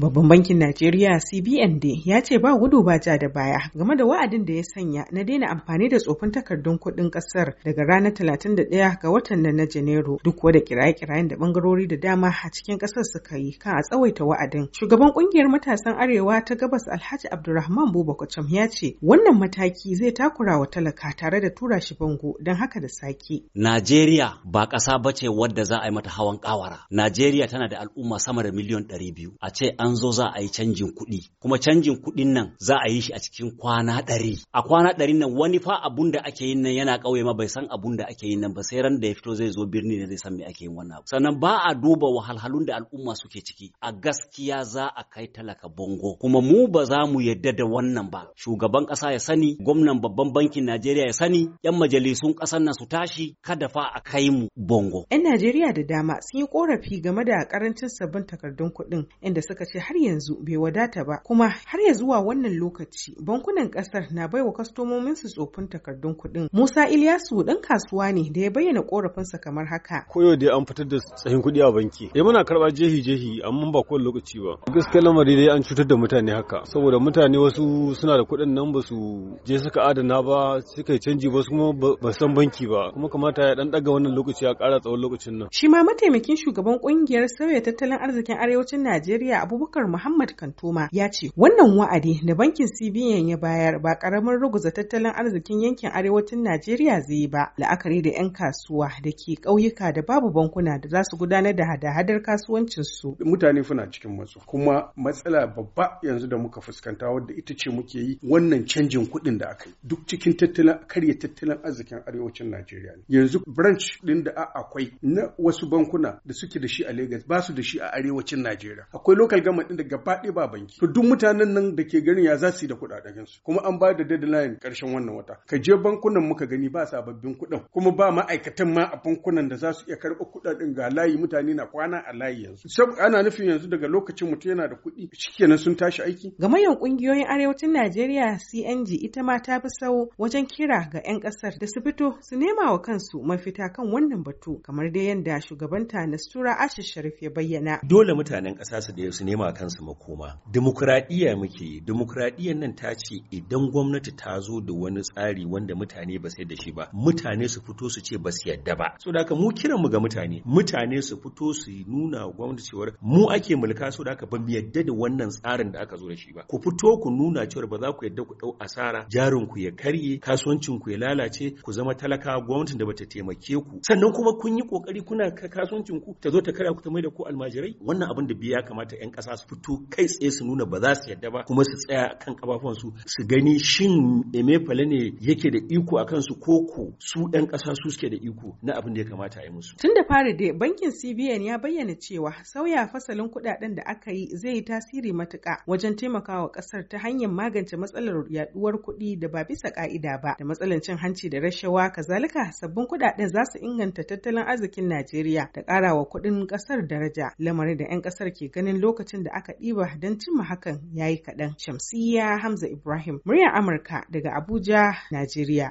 Babban bankin Najeriya CBN dai ya ce ba gudu ba ja da baya game da wa'adin da ya sanya na daina amfani da tsofin takardun kuɗin ƙasar daga ranar 31 ga watan nan na Janairu duk da kiraye-kirayen da bangarori da dama a cikin ƙasar suka yi kan a tsawaita wa'adin. Shugaban ƙungiyar matasan Arewa ta Gabas Alhaji Abdulrahman Buba ya ce wannan mataki zai takura wa talaka tare da tura shi bango don haka da sake. Najeriya ba ƙasa ba ce wadda za a yi mata hawan ƙawara. Najeriya tana da al'umma sama da miliyon ɗari biyu. A ce an an zo za a yi canjin kuɗi kuma canjin kuɗin nan za a yi shi a cikin kwana ɗari a kwana ɗari nan wani fa abun da ake yin nan yana ƙauye ma bai san abun da ake yin nan ba sai ran da ya fito zai zo birni ne zai san me ake yin wannan sannan ba a duba wahalhalun da al'umma suke ciki a gaskiya za a kai talaka bongo kuma mu ba za mu yadda da wannan ba shugaban ƙasa ya sani gwamnan babban bankin Najeriya ya sani yan majalisun ƙasar nan su tashi kada fa a kai mu bongo yan Najeriya da dama sun yi ƙorafi game da karancin sabbin takardun kuɗin inda suka ce Da har yanzu bai wadata ba kuma har ya zuwa wannan lokaci bankunan kasar na baiwa kwastomomin su tsofin takardun kuɗin. Musa Ilyasu ɗan kasuwa ne da ya bayyana korafinsa kamar haka. Koyo dai an fitar da tsahin kuɗi a banki. Eh muna karɓa jehi jehi amma ba kowane lokaci ba. Gaskiya lamari dai an cutar da mutane haka saboda mutane wasu suna da kuɗin nan ba su je suka adana ba suka yi canji ba su kuma ba san banki ba kuma kamata ya dan daga wannan lokaci ya ƙara tsawon lokacin nan. Shi ma mataimakin shugaban kungiyar sauya tattalin arzikin arewacin Najeriya Abubakar Abubakar Muhammad Kantoma ya ce wannan wa'adi da bankin CBN ya bayar ba karamin ruguza tattalin arzikin yankin arewacin Najeriya zai ba la'akari da 'yan kasuwa da ke ƙauyuka da babu bankuna da za su gudanar da hada-hadar kasuwancin su. Mutane suna cikin matsu kuma matsala babba yanzu da muka fuskanta wadda ita ce muke yi wannan canjin kuɗin da aka yi duk cikin tattalin karya tattalin arzikin arewacin Najeriya ne. Yanzu branch ɗin da akwai na wasu bankuna da suke da shi a Lagos ba su da shi a arewacin Najeriya. Akwai local government chairman din da gaba ɗaya ba banki to duk mutanen nan da ke garin ya za su yi da kuɗaɗen su kuma an ba da deadline ƙarshen wannan wata ka je bankunan muka gani ba sababbin kuɗin kuma ba ma'aikatan ma a bankunan da za su iya karɓar kuɗaɗen ga layi mutane na kwana a layi yanzu sab ana nufin yanzu daga lokacin mutum yana da kuɗi shikenan sun tashi aiki gamayyar kungiyoyin arewacin Najeriya CNG ita ma ta fi sau wajen kira ga 'yan ƙasar da su fito su nema wa kansu mafita kan wannan batu kamar dai yadda shugabanta Nastura Ashish Sharif ya bayyana dole mutanen ƙasa su da su nema nema makoma dimokuraɗiyya muke yi demokradiyyar nan ta ce idan gwamnati ta zo da wani tsari wanda mutane ba sai da shi ba mutane su fito su ce ba su yadda ba so da mu kiran mu ga mutane mutane su fito su nuna gwamnati cewar mu ake mulka so da ba mu yadda da wannan tsarin da aka zo da shi ba ku fito ku nuna cewar ba za ku yadda ku ɗau asara jarin ku ya karye kasuwancin ku ya lalace ku zama talaka gwamnati da bata taimake ku sannan kuma kun yi kokari kuna kasuwancin ku ta zo ta kara ku ta mai da ku almajirai wannan abin da biya kamata yan ƙasa ƙasa su fito kai tsaye su nuna ba za su yadda ba kuma su tsaya kan kafafun su gani shin emefale ne yake da iko a kansu ko ko su ɗan ƙasa su suke da iko na abin da ya kamata a yi musu. Tun da fari dai bankin CBN ya bayyana cewa sauya fasalin kuɗaɗen da aka yi zai yi tasiri matuƙa wajen taimakawa ƙasar ta hanyar magance matsalar yaɗuwar kuɗi da ba bisa ƙa'ida ba da matsalar cin hanci da rashawa kazalika sabbin kuɗaɗen za su inganta tattalin arzikin Najeriya da ƙarawa kuɗin ƙasar daraja lamarin da 'yan ƙasar ke ganin lokacin lokacin da aka ɗiba don cimma hakan ya yi kaɗan. Shamsiyya Hamza Ibrahim, muryar Amurka daga Abuja, Najeriya.